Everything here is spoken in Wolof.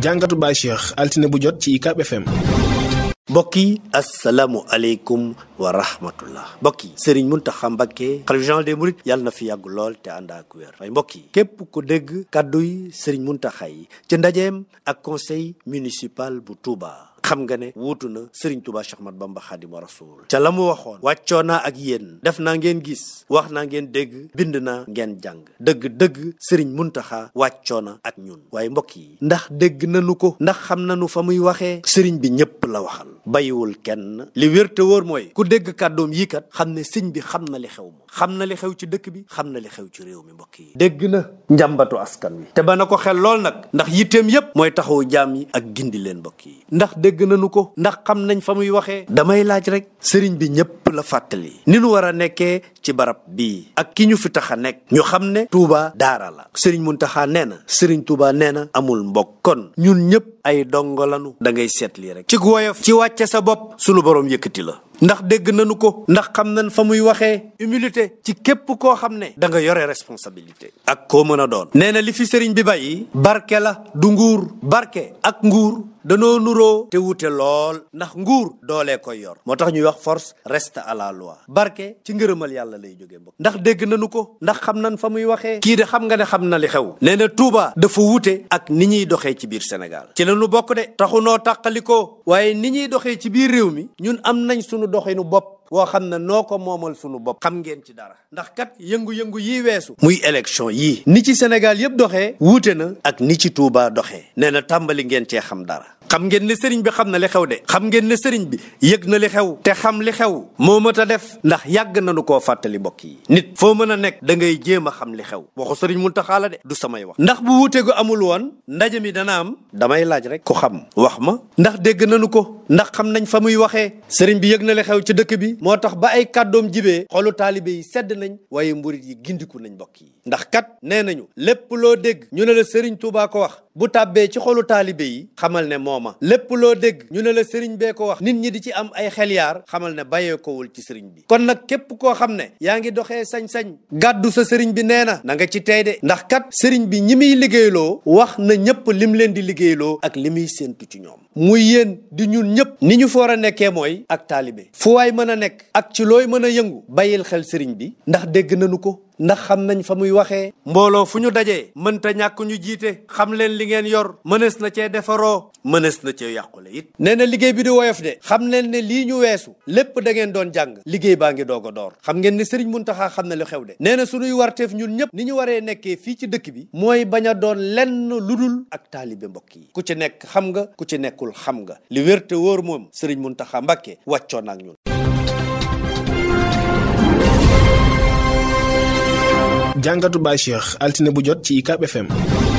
jàngatu Baye Cheikh altine bu jot ci UCAB FM. mbokk yi asalaamualeykum wa rahmatullah mbokk yi Serigne Mountakha Mbacké xalifa général des mourides yàlla na fi yàgg lool te ànd ak wér waaye mbokk yi képp ko dégg kàdduy yi Serigne Mountakha yi ci ndajeem ak conseil municipal bu Touba xam nga ne wuutu na Serigne Touba Cheikh Ahmad Bamba Xaadimu Rasuul ca la mu waxoon wàccoo naa ak yéen def naa ngeen gis wax na ngeen dégg bind naa ngeen jàng dëgg-dëgg Serigne Muntaxa wàccoo na ak ñun waaye mbokk yi ndax dégg nanu ko ndax xam na nanu fa muy waxee sëriñ bi ñëpp la waxal bàyyiwul kenn li wér te wóor mooy ku dégg kàddoom yii kat xam ne sëñ bi xam na li xew moom xam na li xew ci dëkk bi xam na li xew ci réew mi mbokk yi dégg na njàmbatu askan wi te ba na nag ndax yitteem yépp mooy taxawu jaam ak gindi dégg nañu ko ndax xam nañ fa muy waxee damay laaj rek sëriñ bi ñëpp la fàttali ni nu war a nekkee ci barab bi ak ki ñu fi tax a nekk ñu xam ne Touba daara la sëriñ Muntaxa nee na sëriñ Touba nee na amul mbokk kon ñun ñëpp ay dongo lanu da ngay seet lii rek ci woyof ci wàcce sa bopp sunu borom yëkkati la ndax dégg nañu ko ndax xam nañ fa muy waxee humilité ci képp koo xam ne da nga yore responsabilité ak koo mën a doon nee na li fi sëriñ bi bàyyi barke la du nguur barke ak nguur danoo nuroo te wute lool ndax nguur doolee koy yor moo tax ñuy wax force reste à la loi barke ci ngërëmal yàlla lay jógee mbokk ndax dégg na nañu ko ndax xam nañ fa muy waxee kii de xam nga ne xam na li xew nee na Touba dafa wute ak ni ñuy doxee ci biir Sénégal ci la ñu bokk de taxu tàqalikoo waaye ni ñuy doxee ci mi sunu doxinu bopp woo xam ne noo ko moomal sunu bopp xam ngeen ci dara ndax kat yëngu-yëngu yi weesu muy élection yii ni ci Sénégal yëpp doxee wuute na ak ni ci Touba doxee nee na tàmbali ngeen cee xam dara xam ngeen ne sëriñ bi xam na li xew de xam ne sëriñ bi yëg na li xew te xam li xew moo mat a def ndax yàgg nañu ko fàttali mbokk yi nit foo mën a nekk da ngay jéem a xam li xew waxu sëriñ mun la de du samay wax ndax bu wuute gu amul woon ndaje mi dana am damay laaj rek ku xam wax ma ndax dégg ko ndax xam nañ fa muy waxee sëriñ bi yëg na le xew ci dëkk bi moo tax ba ay kàddoom jibee xolu taalibe yi sedd nañ waaye mburit yi gindiku nañ mbokk yi ndax kat nee nañu lépp loo dégg ñu ne la sëriñ Tuubaa ko wax bu tàbbee ci xolu taalibe yi xamal ne mooma lépp loo dégg ñu ne la sëriñ bee ko wax nit ñi di ci am ay xel xamal ne bàyyee kowul ci sëriñ bi kon nag képp koo xam ne yaa ngi doxee sañ-sañ gàddu sa sëriñ bi nee na na nga ci tey de ndax kat sëriñ bi ñi muy liggéeyloo wax na ñëpp lim leen di liggéeyloo ak li muy séentu ci ñoom ñëpp ni ñu war a nekkee mooy ak taalibe fu waay mën a nekk ak ci looy mën a yëngu bàyyil xel sëriñ bi ndax dégg nañu ko ndax xam nañ fa muy waxee mbooloo fu ñu dajee mënta ñàkk ñu jiite xam leen li ngeen yor mënees na cee defaroo mënees na cee yàqule it nee na liggéey bi di woyof de xam leen ne lii ñu weesu lépp da ngeen doon jàng liggéey baa ngi doog a door xam ngeen ne Serigne Mountakha xam na lu xew de nee na suñuy warteef ñun ñëpp ni ñu waree nekkee fii ci dëkk bi mooy bañ a doon lenn lu dul ak taalibe mbokk yi ku ci nekk xam nga ku ci nekkul xam nga li wér te wóor moom Serigne Mountakha Mbacké wàccoon ak ñu jàngatu Baye Cheikh altine bu jot ci UCAB FM.